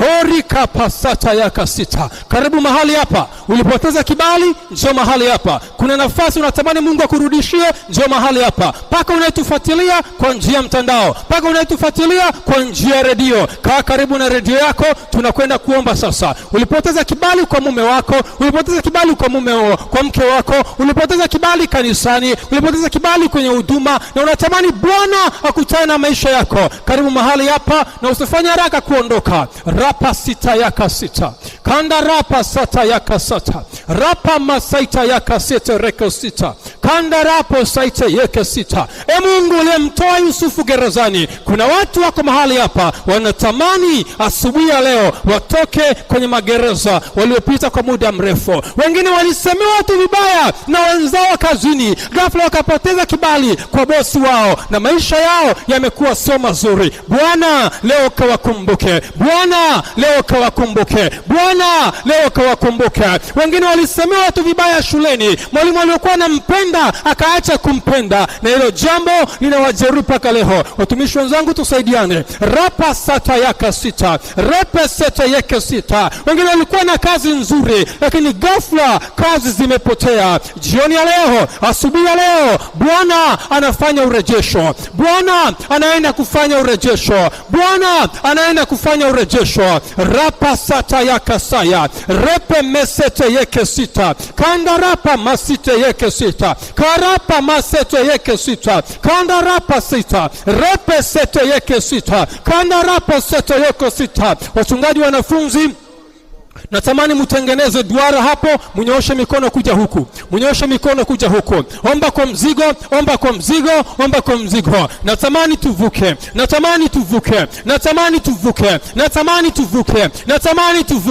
horikapasata yakasita. Karibu mahali hapa Ulipoteza kibali, njoo mahali hapa. Kuna nafasi unatamani Mungu akurudishie, njoo mahali hapa. Paka unayetufuatilia kwa njia ya mtandao, paka unayetufuatilia kwa njia ya redio, kaa karibu na redio yako. Tunakwenda kuomba sasa. Ulipoteza kibali kwa mume wako, ulipoteza kibali kwa mume kwa mke wako, ulipoteza kibali kanisani, ulipoteza kibali kwenye huduma, na unatamani Bwana akutane na maisha yako, karibu mahali hapa, na usifanye haraka kuondoka. rapa sita yaka sita kanda rapa sata yaka sata rapa masaita yaka sete rekosita kandarapo saite yeke sita. E Mungu uliyemtoa Yusufu gerezani, kuna watu wako mahali hapa wanatamani asubuhi ya leo watoke kwenye magereza waliopita kwa muda mrefu. Wengine walisemewa tu vibaya na wenzao kazini, ghafla wakapoteza kibali kwa bosi wao na maisha yao yamekuwa sio mazuri. Bwana leo kawakumbuke, Bwana leo kawakumbuke, Bwana leo kawakumbuke. Wengine walisemewa tu vibaya shuleni, mwalimu aliokuwa na mpenda kumpenda akaacha kumpenda, na hilo jambo linawajeruhi mpaka leo. Watumishi wenzangu, tusaidiane. rapa sata yaka sita repe seta yeke sita. Wengine walikuwa na kazi nzuri, lakini ghafla kazi zimepotea. Jioni ya leo, asubuhi ya leo, Bwana anafanya urejesho. Bwana anaenda kufanya urejesho. Bwana anaenda kufanya urejesho. rapa sata yaka saya repe mesete yeke sita kandarapa masite yeke sita karapa maseto yeke sita kanda rapa sita repe seto yeke sita kanda rapa seto yeke sita. Wachungaji wanafunzi Natamani mtengeneze duara hapo, mnyooshe mikono kuja huku, mnyooshe mikono kuja huku, omba kwa mzigo, omba kwa mzigo, omba kwa mzigo. Natamani tuvuke, natamani tuvuke, natamani tuvuke, natamani tuvuke, natamani tuvuke,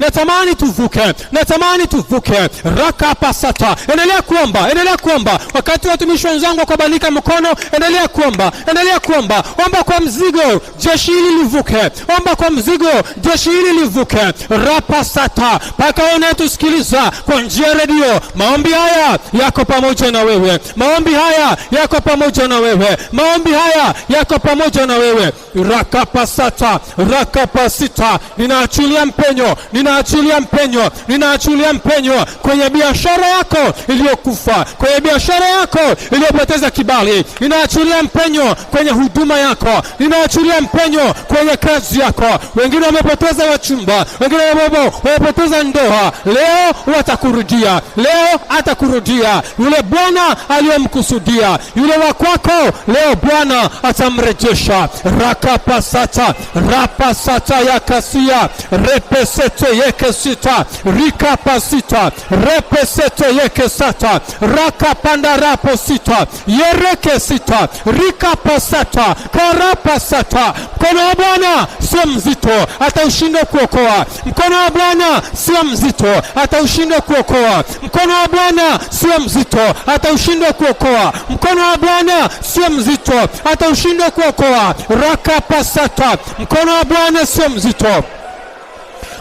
natamani tuvuke, natamani tuvuke. raka pasata. Endelea kuomba, endelea kuomba. Wakati watumishi wenzangu wakabandika mkono, endelea kuomba, endelea kuomba, omba kwa mzigo, jeshi hili livuke, omba kwa mzigo, jeshi hili livuke. rapa Pasata, mpaka unayetusikiliza kwa njia ya redio, maombi haya yako pamoja na wewe, maombi haya yako pamoja na wewe, maombi haya yako pamoja na wewe. Rakapasata rakapasita, ninaachilia mpenyo, ninaachilia mpenyo, ninaachilia mpenyo kwenye biashara yako iliyokufa, kwenye biashara yako iliyopoteza kibali, ninaachilia mpenyo kwenye huduma yako, ninaachilia mpenyo kwenye kazi yako. Wengine wamepoteza wachumba, wengine wamepoteza leo wamepoteza ndoa, leo watakurudia, leo atakurudia yule Bwana aliyomkusudia yule wa kwako, leo Bwana atamrejesha. rakapasata rapasata yakasia repesete yekesita rikapasita repesete yekesata rakapandarapo sita yerekesita rikapasata karapasata. Mkono wa Bwana sio mzito, ataushinda kuokoa mkono Bwana sio mzito, ataushindwa kuokoa. Mkono wa Bwana sio mzito, ataushindwa kuokoa. Mkono wa Bwana sio mzito, ataushindwa kuokoa. Rakapasata, mkono wa Bwana sio mzito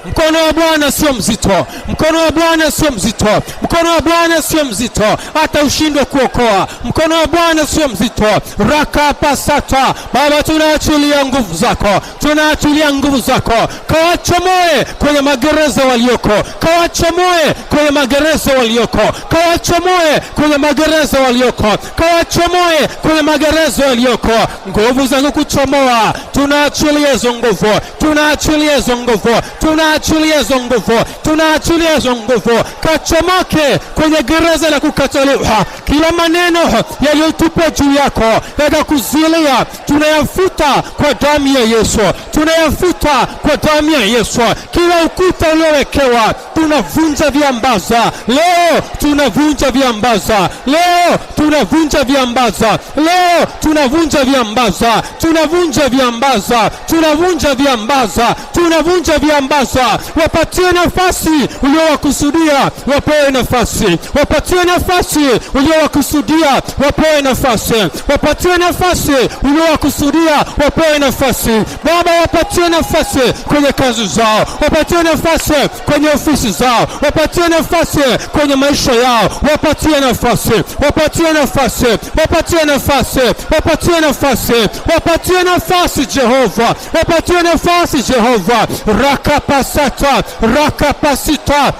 Mkono wa Bwana sio mzito, mkono wa Bwana sio mzito, mkono wa Bwana sio mzito hata ushindwe kuokoa. Mkono wa Bwana sio mzito. raka pasata Baba, tunaachilia nguvu zako, tunaachilia nguvu zako, kawachomoe kwenye magereza walioko, kawachomoe kwenye magereza walioko, kawachomoe kwenye magereza walioko, kawachomoe kwenye magereza walioko. Nguvu za kukuchomoa tunaachilia hizo nguvu, tunaachilia hizo nguvu, tuna tunaachilia hizo nguvu, tunaachilia hizo nguvu, kachomoke kwenye gereza la kukataliwa. Kila maneno yaliyotupwa juu yako yakakuzilia, tunayafuta kwa damu ya Yesu, tunayafuta kwa damu ya Yesu kila ukuta uliowekewa tunavunja viambaza leo, tunavunja viambaza leo, tunavunja viambaza leo, tunavunja viambaza, tunavunja viambaza, tunavunja viambaza, tunavunja viambaza. Wapatie nafasi uliowakusudia, wapewe nafasi. Wapatie nafasi uliowakusudia, wapewe nafasi. Wapatie nafasi uliowakusudia, wapewe nafasi. Baba, wapatie nafasi kwenye kazi zao wapatiwe nafasi kwenye ofisi zao, wapatiwe nafasi kwenye maisha yao, wapatiwe nafasi, wapatiwe nafasi, wapatiwe nafasi, wapatiwe nafasi, wapatiwe nafasi Jehova, wapatiwe nafasi Jehova, rakapasata rakapasita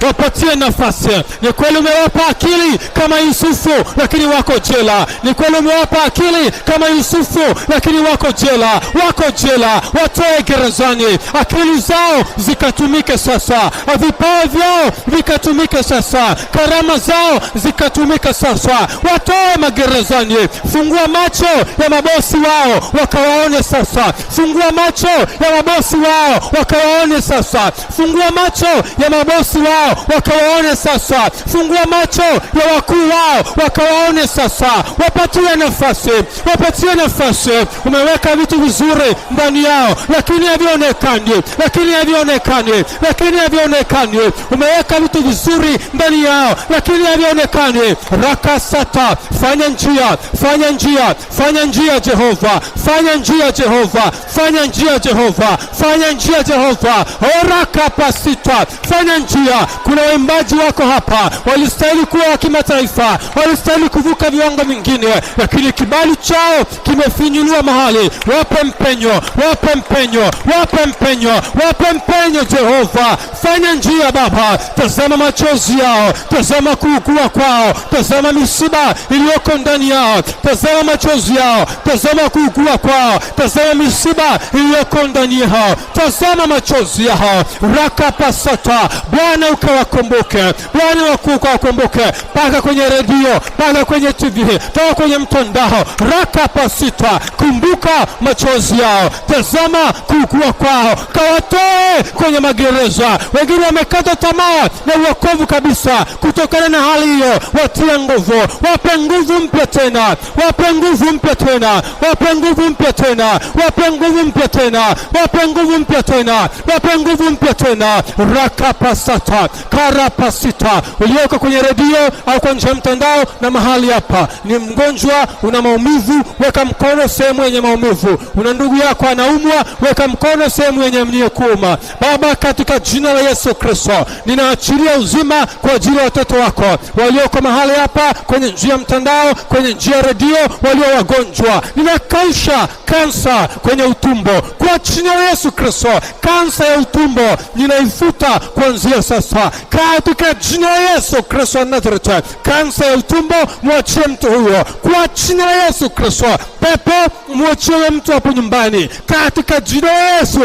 wapatie nafasi. Ni kweli umewapa akili kama Yusufu, lakini wako jela. Ni kweli umewapa akili kama Yusufu, lakini wako jela, wako jela, watoe gerezani. Akili zao zikatumike sasa, vipawa vyao vikatumike sasa, karama zao zikatumike sasa, watoe magerezani. Fungua macho ya mabosi wao wakawaone sasa, fungua macho ya mabosi wao wakawaone sasa, fungua macho ya mabosi wao wao wakawaone sasa, fungua macho ya wakuu wao wakawaone sasa, wapatie nafasi, wapatie nafasi. Umeweka vitu vizuri ndani yao, lakini havionekani, lakini havionekani, lakini havionekani. Umeweka vitu vizuri ndani yao, lakini havionekani. Rakasata, fanya njia, fanya njia, fanya njia Jehova, fanya njia Jehova, fanya njia Jehova, fanya njia Jehova, orakapasita, fanya njia kuna waimbaji wako hapa walistahili kuwa wa kimataifa, walistahili kuvuka viwango vingine, lakini kibali chao kimefinyuliwa mahali. Wape mpenyo, wape mpenyo, wape mpenyo, wape mpenyo. Jehova, fanya njia Baba. Tazama machozi yao, tazama kuugua kwao, tazama misiba iliyoko ndani yao, tazama machozi yao, tazama kuugua kwao, tazama misiba iliyoko ndani yao, tazama machozi yao. Rakapasata Bwana ukawakumbuke Bwana wakuu, ukawakumbuke mpaka kwenye redio, mpaka kwenye TV, mpaka kwenye mtandao raka pasita. Kumbuka machozi yao, tazama kukua kwao, kawatoe kwenye magereza. Wengine wamekata tamaa na uokovu kabisa kutokana na hali hiyo, watie nguvu, wape nguvu mpya tena, wape nguvu mpya tena, wape nguvu mpya tena, wape nguvu mpya tena, wape nguvu mpya tena, wape nguvu mpya tena, raka pasata Karapasita, ulioko kwenye redio au kwa njia ya mtandao na mahali hapa, ni mgonjwa, una maumivu, weka mkono sehemu yenye maumivu. Una ndugu yako anaumwa, weka mkono sehemu yenye mniyekuuma. Baba, katika jina la Yesu Kristo, ninaachilia uzima kwa ajili ya watoto wako walioko mahali hapa, kwenye njia ya mtandao, kwenye njia ya redio, walio wagonjwa, ninakausha kansa kwenye utumbo kwa jina la Yesu Kristo. Kansa ya utumbo ninaifuta kuanzia sasa sasa katika jina la Yesu Kristo wa Nazareti, kansa ya utumbo mwachie mtu huyo kwa jina la Yesu Kristo. Pepo mwachie mtu hapo nyumbani katika jina la Yesu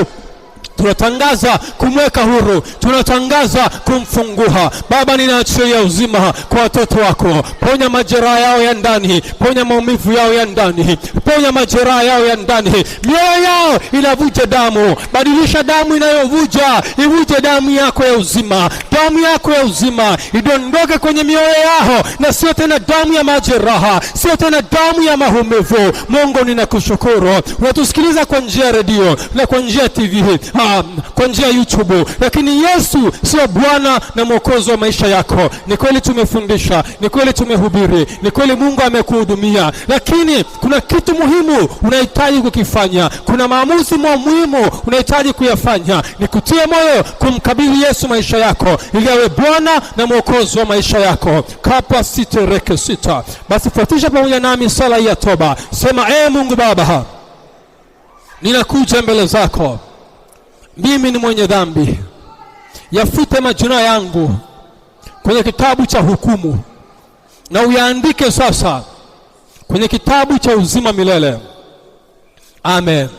tunatangaza kumweka huru, tunatangaza kumfungua. Baba, ninaachilia uzima kwa watoto wako, ponya majeraha yao ya ndani, ponya maumivu yao ya ndani, ponya majeraha yao ya ndani. Mioyo yao inavuja damu, badilisha damu inayovuja ivuje damu yako ya uzima, damu yako ya uzima idondoke kwenye mioyo yao, na sio tena damu ya majeraha, sio tena damu ya maumivu. Mungu, ninakushukuru, unatusikiliza kwa njia ya redio na kwa njia ya TV kwa njia ya YouTube, lakini Yesu sio Bwana na Mwokozi wa maisha yako. Ni kweli tumefundisha, ni kweli tumehubiri, ni kweli Mungu amekuhudumia, lakini kuna kitu muhimu unahitaji kukifanya. Kuna maamuzi muhimu unahitaji kuyafanya, ni kutia moyo kumkabidhi Yesu maisha yako ili awe Bwana na Mwokozi wa maisha yako. kapa sita sita. Basi fuatisha pamoja nami sala ya toba, sema: Ee Mungu Baba, ninakuja mbele zako mimi ni mwenye dhambi, yafute majina yangu kwenye kitabu cha hukumu na uyaandike sasa kwenye kitabu cha uzima milele. Amen.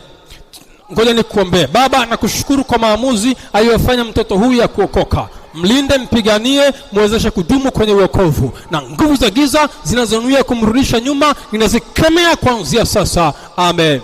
Ngoja nikuombee. Baba, nakushukuru kwa maamuzi aliyofanya mtoto huyu ya kuokoka. Mlinde, mpiganie, mwezeshe kudumu kwenye uokovu, na nguvu za giza zinazonuia kumrudisha nyuma ninazikemea kuanzia sasa. Amen.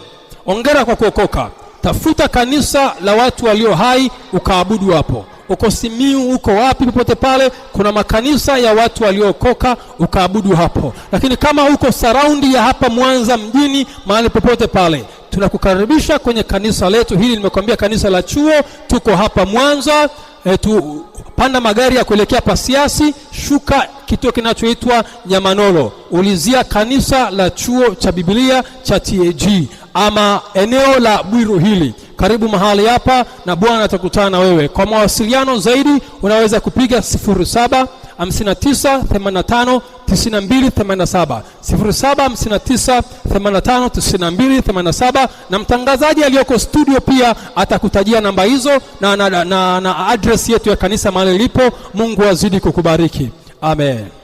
Ongera kwa kuokoka. Tafuta kanisa la watu walio hai ukaabudu hapo. Uko Simiu, uko wapi, popote pale kuna makanisa ya watu waliokoka ukaabudu hapo. Lakini kama uko saraundi ya hapa Mwanza mjini, mahali popote pale, tunakukaribisha kwenye kanisa letu hili. Nimekwambia kanisa la chuo, tuko hapa Mwanza. E, tu panda magari ya kuelekea Pasiasi, shuka kituo kinachoitwa Nyamanolo, ulizia kanisa la chuo cha Biblia cha TAG ama eneo la Bwiru hili, karibu mahali hapa na Bwana atakutana na wewe. Kwa mawasiliano zaidi unaweza kupiga 07 59 na mtangazaji aliyoko studio pia atakutajia namba hizo na, na, na, na address yetu ya kanisa mahali lipo. Mungu azidi kukubariki, amen.